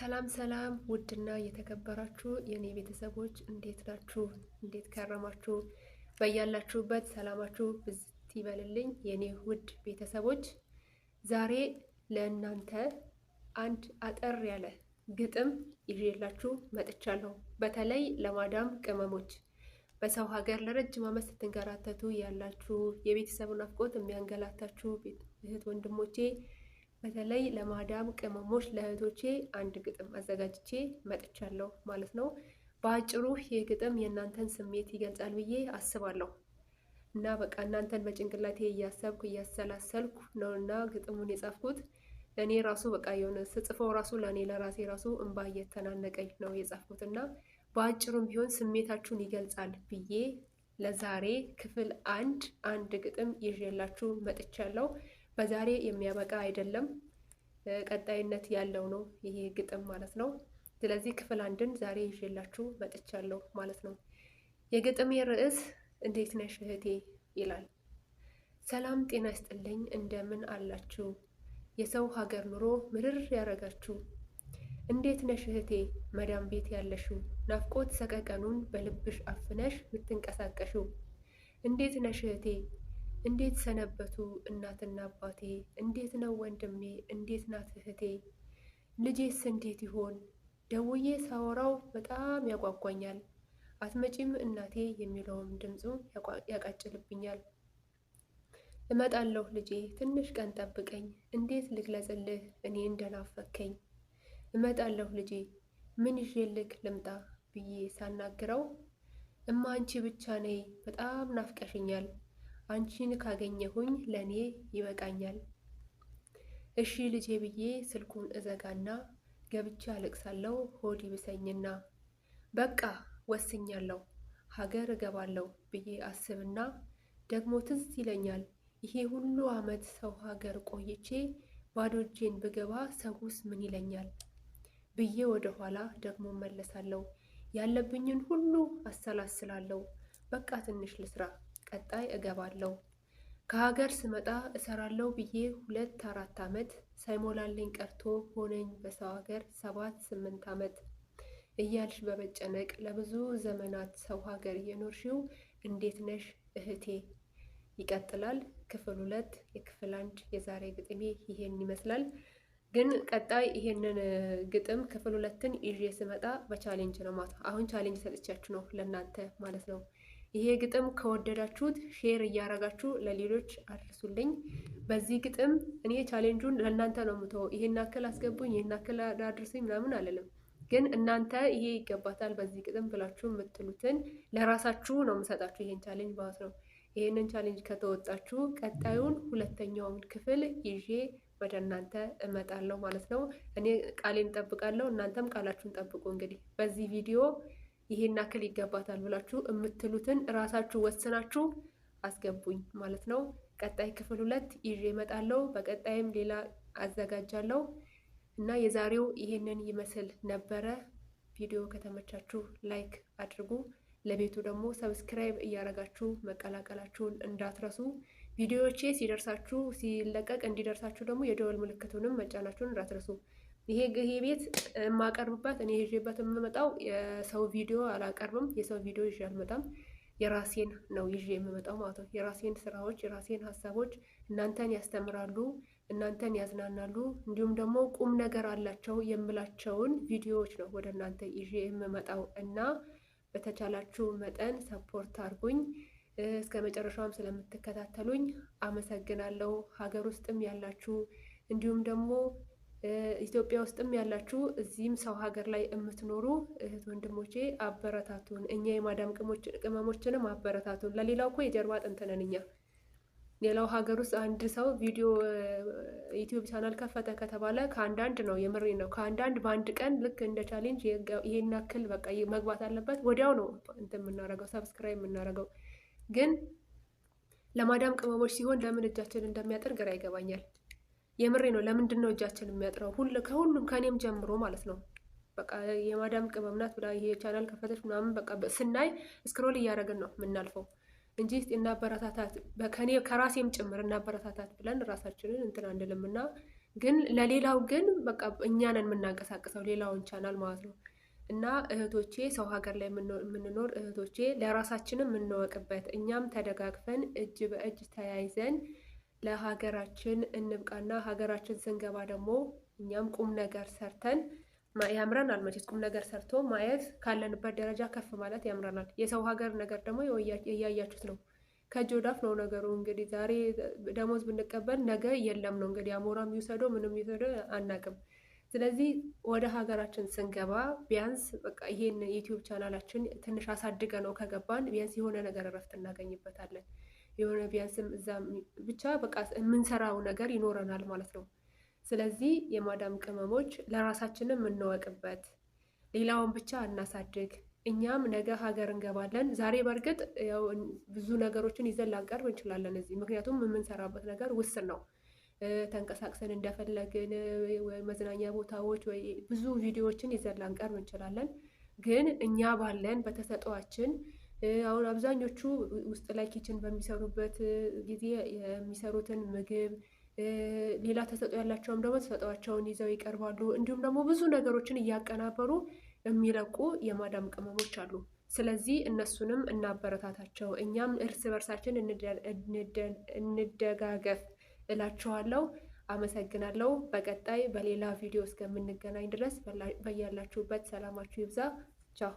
ሰላም ሰላም፣ ውድና የተከበራችሁ የእኔ ቤተሰቦች እንዴት ናችሁ? እንዴት ከረማችሁ? በያላችሁበት ሰላማችሁ ብዝት ይበልልኝ የእኔ ውድ ቤተሰቦች። ዛሬ ለእናንተ አንድ አጠር ያለ ግጥም ይዤላችሁ መጥቻለሁ። በተለይ ለማዳም ቅመሞች በሰው ሀገር ለረጅም ዓመት ስትንከራተቱ ያላችሁ የቤተሰቡን ናፍቆት የሚያንገላታችሁ እህት ወንድሞቼ በተለይ ለማዳም ቅመሞች ለእህቶቼ አንድ ግጥም አዘጋጅቼ መጥቻለሁ ማለት ነው። በአጭሩ ይህ ግጥም የእናንተን ስሜት ይገልጻል ብዬ አስባለሁ እና በቃ እናንተን በጭንቅላቴ እያሰብኩ እያሰላሰልኩ ነው እና ግጥሙን የጻፍኩት እኔ ራሱ በቃ የሆነ ስጽፈው ራሱ ለእኔ ለራሴ ራሱ እንባ እየተናነቀኝ ነው የጻፍኩት እና በአጭሩም ቢሆን ስሜታችሁን ይገልጻል ብዬ ለዛሬ ክፍል አንድ አንድ ግጥም ይዤላችሁ መጥቻለሁ። በዛሬ የሚያበቃ አይደለም፣ ቀጣይነት ያለው ነው ይሄ ግጥም ማለት ነው። ስለዚህ ክፍል አንድን ዛሬ ይዤላችሁ መጥቻለሁ ማለት ነው። የግጥሜ ርዕስ እንዴት ነሽ እህቴ ይላል። ሰላም ጤና ይስጥልኝ፣ እንደምን አላችሁ? የሰው ሀገር ኑሮ ምርር ያረጋችሁ እንዴት ነሽ እህቴ መዳም ቤት ያለሽው ናፍቆት ሰቀቀኑን በልብሽ አፍነሽ ምትንቀሳቀሽው እንዴት ነሽ እህቴ እንዴት ሰነበቱ እናትና አባቴ? እንዴት ነው ወንድሜ? እንዴት ናት እህቴ? ልጄስ እንዴት ይሆን? ደውዬ ሳወራው በጣም ያጓጓኛል። አትመጪም እናቴ የሚለውም ድምፁ ያቃጭልብኛል። እመጣለሁ ልጄ፣ ትንሽ ቀን ጠብቀኝ። እንዴት ልግለጽልህ እኔ እንደናፈከኝ። እመጣለሁ ልጄ፣ ምን ይዤልህ ልምጣ ብዬ ሳናግረው እማ አንቺ ብቻ ነይ፣ በጣም ናፍቀሽኛል አንቺን ካገኘሁኝ ለእኔ ይበቃኛል። እሺ ልጄ ብዬ ስልኩን እዘጋና ገብቼ አለቅሳለሁ። ሆድ ይብሰኝና በቃ ወስኛለሁ ሀገር እገባለሁ ብዬ አስብና ደግሞ ትዝ ይለኛል ይሄ ሁሉ ዓመት ሰው ሀገር ቆይቼ ባዶ እጄን ብገባ ሰውስ ምን ይለኛል ብዬ ወደ ኋላ ደግሞ መለሳለሁ። ያለብኝን ሁሉ አሰላስላለሁ። በቃ ትንሽ ልስራ ቀጣይ እገባለሁ። ከሀገር ስመጣ እሰራለሁ ብዬ ሁለት አራት ዓመት ሳይሞላልኝ ቀርቶ ሆነኝ በሰው ሀገር ሰባት ስምንት ዓመት እያልሽ በመጨነቅ ለብዙ ዘመናት ሰው ሀገር እየኖርሽው እንዴት ነሽ እህቴ? ይቀጥላል። ክፍል ሁለት የክፍል አንድ የዛሬ ግጥሜ ይሄን ይመስላል። ግን ቀጣይ ይሄንን ግጥም ክፍል ሁለትን ይዤ ስመጣ በቻሌንጅ ነው ማለት አሁን ቻሌንጅ ሰጥቻችሁ ነው ለእናንተ ማለት ነው። ይሄ ግጥም ከወደዳችሁት ሼር እያረጋችሁ ለሌሎች አድርሱልኝ። በዚህ ግጥም እኔ ቻሌንጁን ለእናንተ ነው ምተ ይሄን አክል አስገቡኝ፣ ይሄን አክል አድርሱኝ ምናምን አለለም። ግን እናንተ ይሄ ይገባታል በዚህ ግጥም ብላችሁ የምትሉትን ለራሳችሁ ነው የምሰጣችሁ። ይሄን ቻሌንጅ ማለት ነው። ይሄንን ቻሌንጅ ከተወጣችሁ ቀጣዩን ሁለተኛውን ክፍል ይዤ ወደ እናንተ እመጣለሁ ማለት ነው። እኔ ቃሌን ጠብቃለሁ፣ እናንተም ቃላችሁን ጠብቁ። እንግዲህ በዚህ ቪዲዮ ይሄን አክል ይገባታል ብላችሁ የምትሉትን ራሳችሁ ወስናችሁ አስገቡኝ ማለት ነው። ቀጣይ ክፍል ሁለት ይዤ እመጣለሁ። በቀጣይም ሌላ አዘጋጃለሁ እና የዛሬው ይሄንን ይመስል ነበረ። ቪዲዮ ከተመቻችሁ ላይክ አድርጉ። ለቤቱ ደግሞ ሰብስክራይብ እያደረጋችሁ መቀላቀላችሁን እንዳትረሱ። ቪዲዮዎቼ ሲደርሳችሁ ሲለቀቅ እንዲደርሳችሁ ደግሞ የደወል ምልክቱንም መጫናችሁን እንዳትረሱ። ይሄ ይሄ ቤት የማቀርብበት እኔ ይዤበት የምመጣው የሰው ቪዲዮ አላቀርብም። የሰው ቪዲዮ ይዤ አልመጣም። የራሴን ነው ይዤ የምመጣው ማለት ነው። የራሴን ስራዎች፣ የራሴን ሀሳቦች እናንተን ያስተምራሉ፣ እናንተን ያዝናናሉ፣ እንዲሁም ደግሞ ቁም ነገር አላቸው የምላቸውን ቪዲዮዎች ነው ወደ እናንተ ይዤ የምመጣው እና በተቻላችሁ መጠን ሰፖርት አድርጉኝ። እስከ መጨረሻውም ስለምትከታተሉኝ አመሰግናለሁ። ሀገር ውስጥም ያላችሁ እንዲሁም ደግሞ ኢትዮጵያ ውስጥም ያላችሁ እዚህም ሰው ሀገር ላይ የምትኖሩ እህት ወንድሞቼ አበረታቱን። እኛ የማዳም ቅመሞችንም አበረታቱን። ለሌላው እኮ የጀርባ አጥንት ነን እኛ። ሌላው ሀገር ውስጥ አንድ ሰው ቪዲዮ ዩቲዩብ ቻናል ከፈተ ከተባለ ከአንዳንድ ነው፣ የምሬ ነው፣ ከአንዳንድ በአንድ ቀን ልክ እንደ ቻሌንጅ ይሄን ያክል በቃ መግባት አለበት፣ ወዲያው ነው እንትን የምናረገው ሰብስክራይብ የምናረገው። ግን ለማዳም ቅመሞች ሲሆን ለምን እጃችን እንደሚያጠር ግራ ይገባኛል። የምሬ ነው። ለምንድን ነው እጃችን የሚያጥረው? ከሁሉም ከእኔም ጀምሮ ማለት ነው። በቃ የማዳም ቅመም ናት ብላ ይሄ ቻናል ከፈተች ምናምን በቃ ስናይ ስክሮል እያደረግን ነው የምናልፈው እንጂ እናበረታታት ከኔ ከራሴም ጭምር እናበረታታት ብለን ራሳችንን እንትን አንልም እና ግን ለሌላው ግን በቃ እኛ ነን የምናንቀሳቀሰው ሌላውን ቻናል ማለት ነው። እና እህቶቼ ሰው ሀገር ላይ የምንኖር እህቶቼ ለራሳችንም የምንወቅበት እኛም ተደጋግፈን እጅ በእጅ ተያይዘን ለሀገራችን እንብቃና ሀገራችን ስንገባ ደግሞ እኛም ቁም ነገር ሰርተን ያምረናል። መቼስ ቁም ነገር ሰርቶ ማየት ካለንበት ደረጃ ከፍ ማለት ያምረናል። የሰው ሀገር ነገር ደግሞ እያያችሁት ነው። ከእጅ ወዳፍ ነው ነገሩ። እንግዲህ ዛሬ ደሞዝ ብንቀበል ነገ የለም ነው እንግዲህ። አሞራ የሚውሰደው ምንም የሚውሰደው አናቅም። ስለዚህ ወደ ሀገራችን ስንገባ ቢያንስ በቃ ይሄን የዩቲዩብ ቻናላችን ትንሽ አሳድገ ነው ከገባን ቢያንስ የሆነ ነገር እረፍት እናገኝበታለን። የሆነ ቢያንስም እዛ ብቻ በቃ የምንሰራው ነገር ይኖረናል ማለት ነው። ስለዚህ የማዳም ቅመሞች ለራሳችንም የምንወቅበት ሌላውን ብቻ እናሳድግ እኛም ነገ ሀገር እንገባለን። ዛሬ በእርግጥ ብዙ ነገሮችን ይዘን ላንቀርብ እንችላለን እዚህ ምክንያቱም የምንሰራበት ነገር ውስን ነው። ተንቀሳቅሰን እንደፈለግን መዝናኛ ቦታዎች ወይ ብዙ ቪዲዮዎችን ይዘን ላንቀርብ እንችላለን። ግን እኛ ባለን በተሰጧችን አሁን አብዛኞቹ ውስጥ ላይ ኪችን በሚሰሩበት ጊዜ የሚሰሩትን ምግብ ሌላ ተሰጥኦ ያላቸውም ደግሞ ተሰጥኦአቸውን ይዘው ይቀርባሉ። እንዲሁም ደግሞ ብዙ ነገሮችን እያቀናበሩ የሚለቁ የማዳም ቅመሞች አሉ። ስለዚህ እነሱንም እናበረታታቸው፣ እኛም እርስ በርሳችን እንደጋገፍ እላችኋለሁ። አመሰግናለሁ። በቀጣይ በሌላ ቪዲዮ እስከምንገናኝ ድረስ በያላችሁበት ሰላማችሁ ይብዛ። ቻው